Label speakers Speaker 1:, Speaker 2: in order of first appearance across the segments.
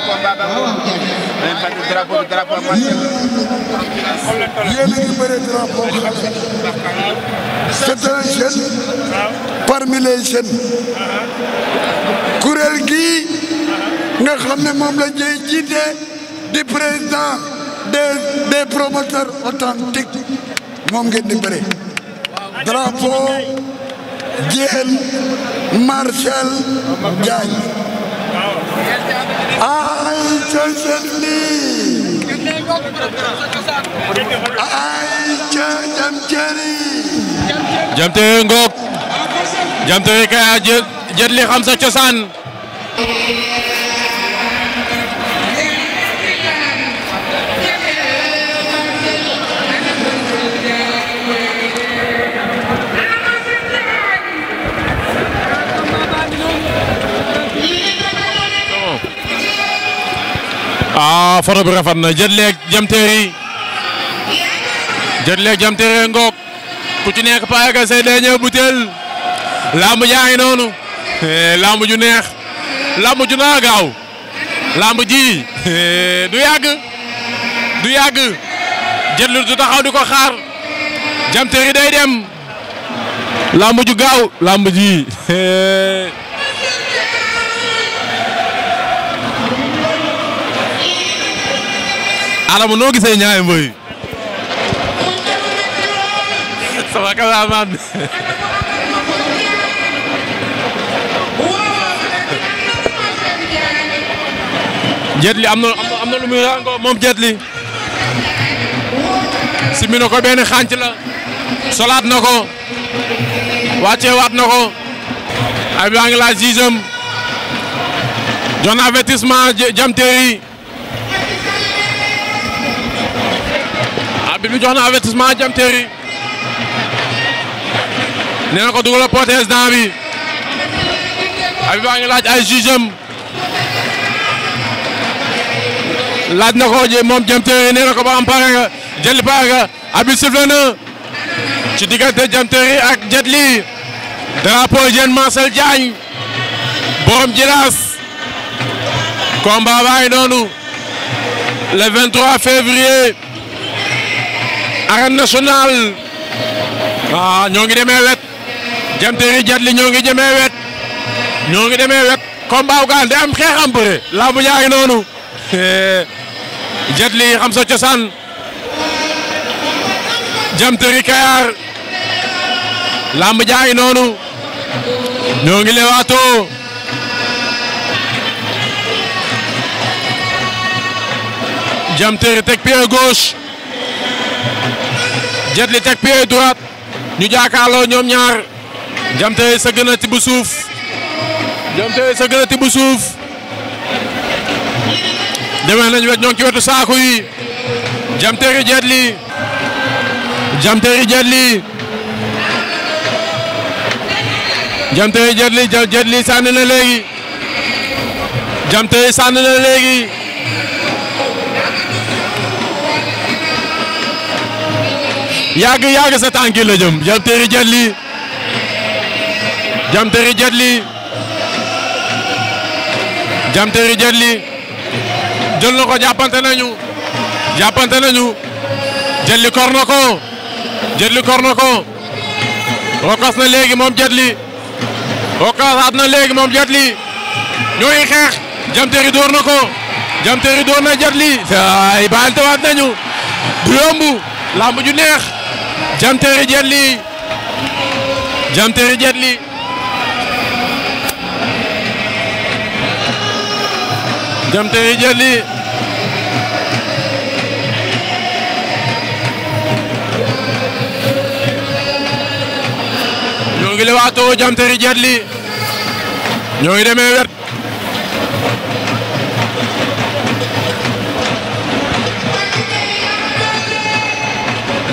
Speaker 1: grand a ngi bëre drapeau c'est un jeune parmi les jeunes kuréel gii nga xam ne moom la ñuy jiite di président des des promoteurs authentiques moom ngeen di bëre drapeau Diène Marcel Diagne. ay ca seen lii ay ca jam ceri jam tere ngoog jam tere kay a jët li xam sa cosaan ah photo bi na Jet Lee Diam Terry ngoog ku ci nekk pare nga say dernier butéel lamb jaa ngi noonu eh, lamb ju neex lamb ju naa gaaw lamb ji eh, du yàgg du yàgg Jet du di ko xaar Diam Terry day dem lamb ju gaaw lamb ji. Eh. Adama noo gisee ñaari mbër yi. sama cameraman bi. am na lu muy ràngoo moom Jet Li. simi na ko benn la. solaat na ko. wàcceewaat na ko. ay baa ngi laa sixième. bi jox na avertissement Diam Terry nee na ko dugal potence dent bi ngi laaj ay jugeem laaj na ko moom Diam Terry nee na ko ba am pare nga jëli pare nga Habib sifflé na Terry ak Jet Li drapeau jeune Marcel Diagne borom Jilaas combat baa ngi noonu le 23 arène nationale ah, ñoo ngi demee wet jamteeri jat ñoo ngi demee wet ñoo ngi demee wet combat gaal di am xeex am jaay noonu jat xam sa cosaan jamteeri kayaar lamb jaay noonu ñoo ngi lewaatoo jamteeri teg pied Jet Li teg pied droite ñu jaakaarloo ñoom ñaar Diam sa gën a tibb suuf Diam sa gën a tibb suuf demee nañu wet ñoo ngi ci wetu saaku yi Diam Terry Jet Li Diam Terry Jet Li Diam Terry Jet Li Jet na léegi Diam Terry na léegi yàgg yàgg sa tànki la jëm Diamtéry Diatly Diamtéry Diatly Diamtéry Diatly jël na ko jàppante nañu jàppante nañu Diatly kor na ko kor na rokas na léegi moom Diatly rokasaat na léegi moom Diatly ñooy xeex Diamtéry door na ko Diamtéry door na Diatly ay baal tawaat nañu du yomb lamb ju neex Diam Terry Jet Ly Diam Terry Jet Ly Diam Terry Jet Ly ñoo ngi lewaatoo Diam Terry Jet Ly ñoo ngi demee wet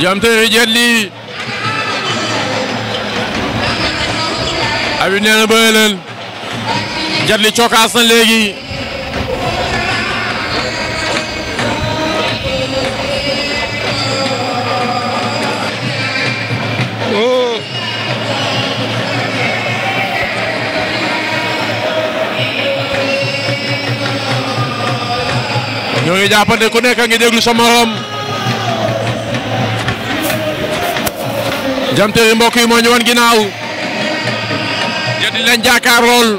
Speaker 1: jamteeri jetli abi neena bëre leen jetli cokaas na léegi ñoo ngi jàppante ku nekk a ngi déglu sa Diam Terry mbokk yi moo ñëwoon ginnaaw Jetli lañ jàkkaar lool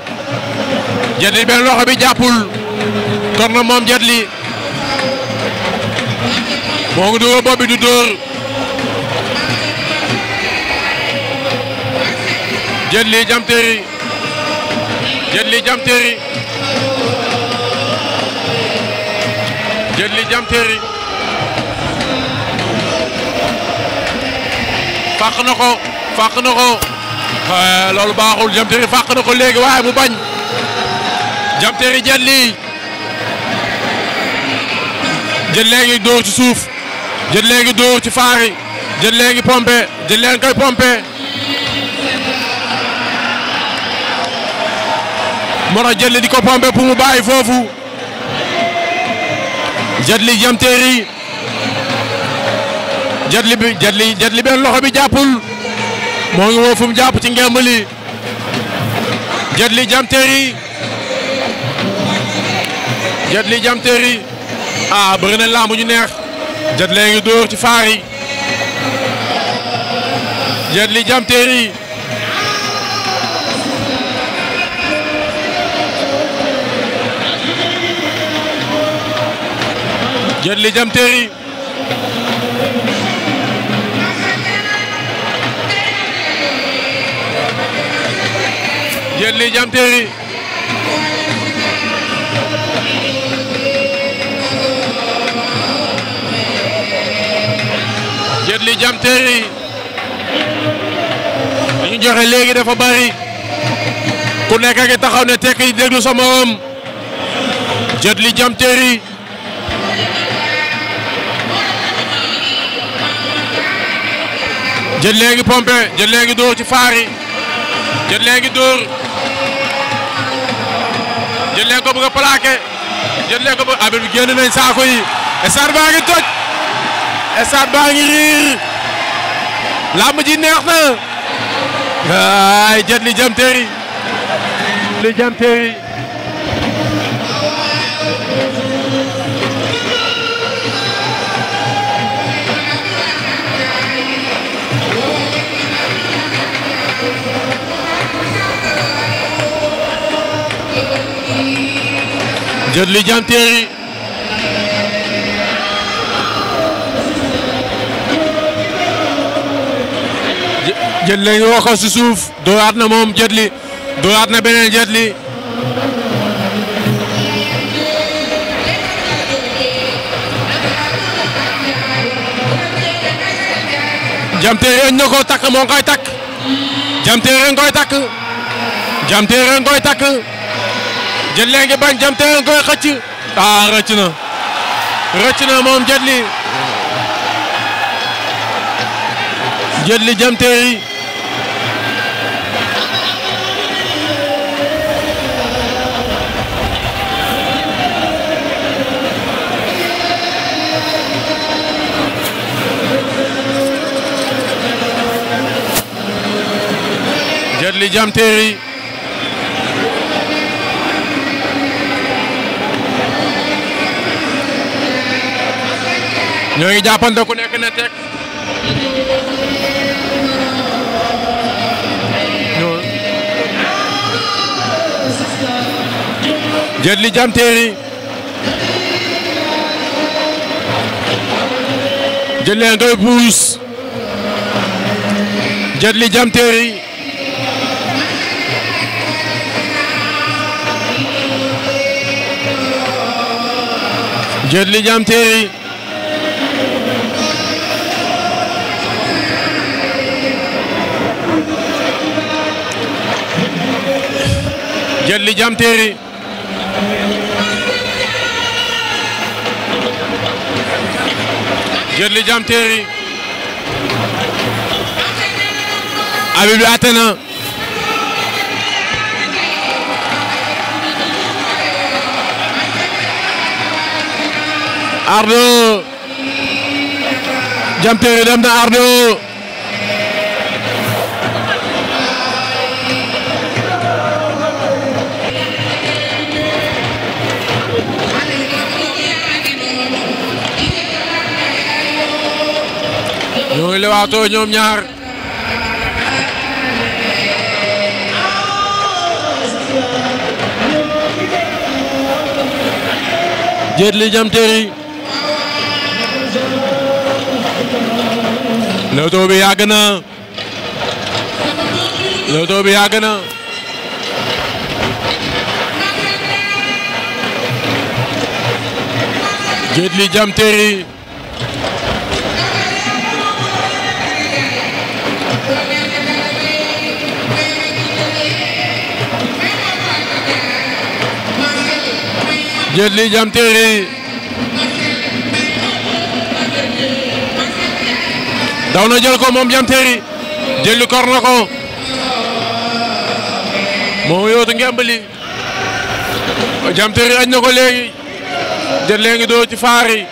Speaker 1: Jetli benn loxo bi jàppul kor na moom Jetli moo ngi dugal bopp bi du dóor Jetli Diam Terry Jetli fàq noko ko fàq na eh, loolu baaxul Diam Terry fàq na ko léegi waaye mu bañ Diam Terry jël lii ci suuf jël léegi dóor ci faari jël léegi pompe jël leen koy pompe moo tax jël pompe pour mu bàyyi foofu jël li Jetli bi Jetli loxo bi jàppul moo ngi woo fu mu jàpp ci ngemb li Jetli Diam Terry Jetli Diam Terry ah, na lamb ñu neex Jetli ngi dóor yi Jetli Diam Jet Li Diam Terry Jet Li joxe léegi dafa bari ku nekk a ngi taxaw ne tekk yi déglu sa morom Li Diam Terry Jet Li ngi pompé Jet Li ci faar yi Jet Li ngi leen ko bëgg a plaqué jot leen ko bëgg abel nañ saako yi stade baa ngi toj stade baa ngi riir làmb ji neex na ay jët li jëm teeri li jëm teeri Jet Li Diam Terry Jet Li ngi waxal si suuf dooraat na moom Jet Li dooraat na beneen Jet Li Diam Terry na ko takk moo ngi koy takk Diam koy takk Diam koy takk Jet Li ngi bañ Diamté nga koy xëcc ah rëcc na moom Jet Li Jet ñoo ngi ku nekk ne teg Jet Li Diam Terry Jet Li ngay puus Jet Li Diam Terry Jet Li Diam abi bi Ardo Diam Terry dem Ardo lewaatoo ñoom ñaar Jet Li Diam Terry lewtoo bi yàgg na lewtoo bi yàgg na Jet Li Diam jël Li Diam Terry daw na jël ko moom Diam Terry Jet Li kor na ko moo yootu ngemb li Diam Terry añ na ko léegi Jet Li doo ci faar yi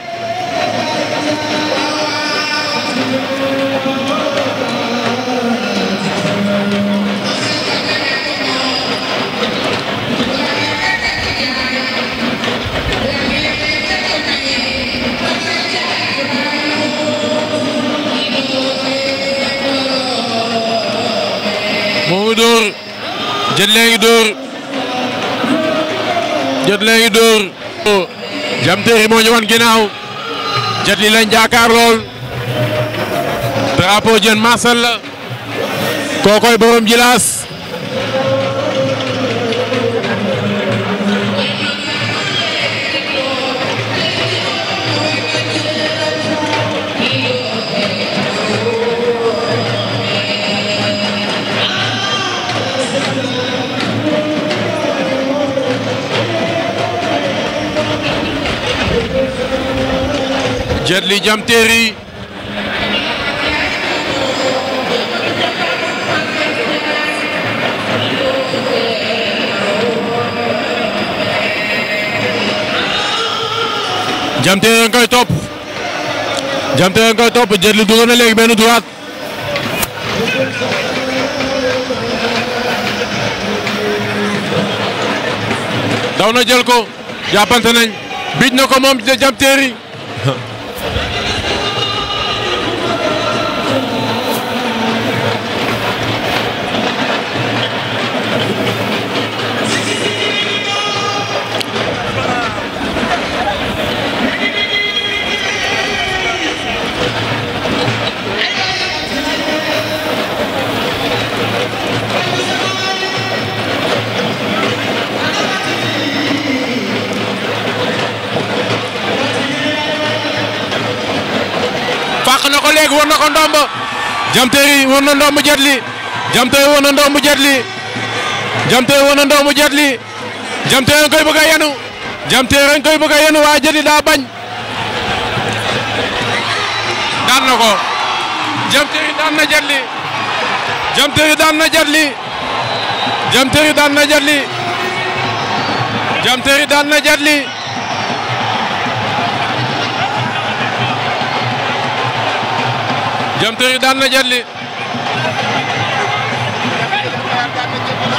Speaker 1: ngi dóor jët la ngi dóor jam téeri moo ñu wan ginnaaw jët li lañ jaakaar lool drapeau jën marsal la kookoy borom jilaas Jet Li Diam Terry Diam Terry nga koy topp Diam Terry nga koy topp Jet Li dugal na léegi benn droite daw na jël ko jàppante nañ biij na ko moom Diam Terry na ko ndomb Diam Terry woon na ndomb Jet Li Diam Terry woon na ndomb Jet Li Diam Terry woon na ndomb Jet Li Diam Terry nga koy bëgg a yenu Diam Terry nga koy bëgg a yenu waaye Jet Li daa bañ daan na ko Diam Terry daan na Jet Li Diam Terry daan na Jet Li Diam Terry daan na Jet Li Diam Terry daan na Jet Li Diam Terry daan na Jet Li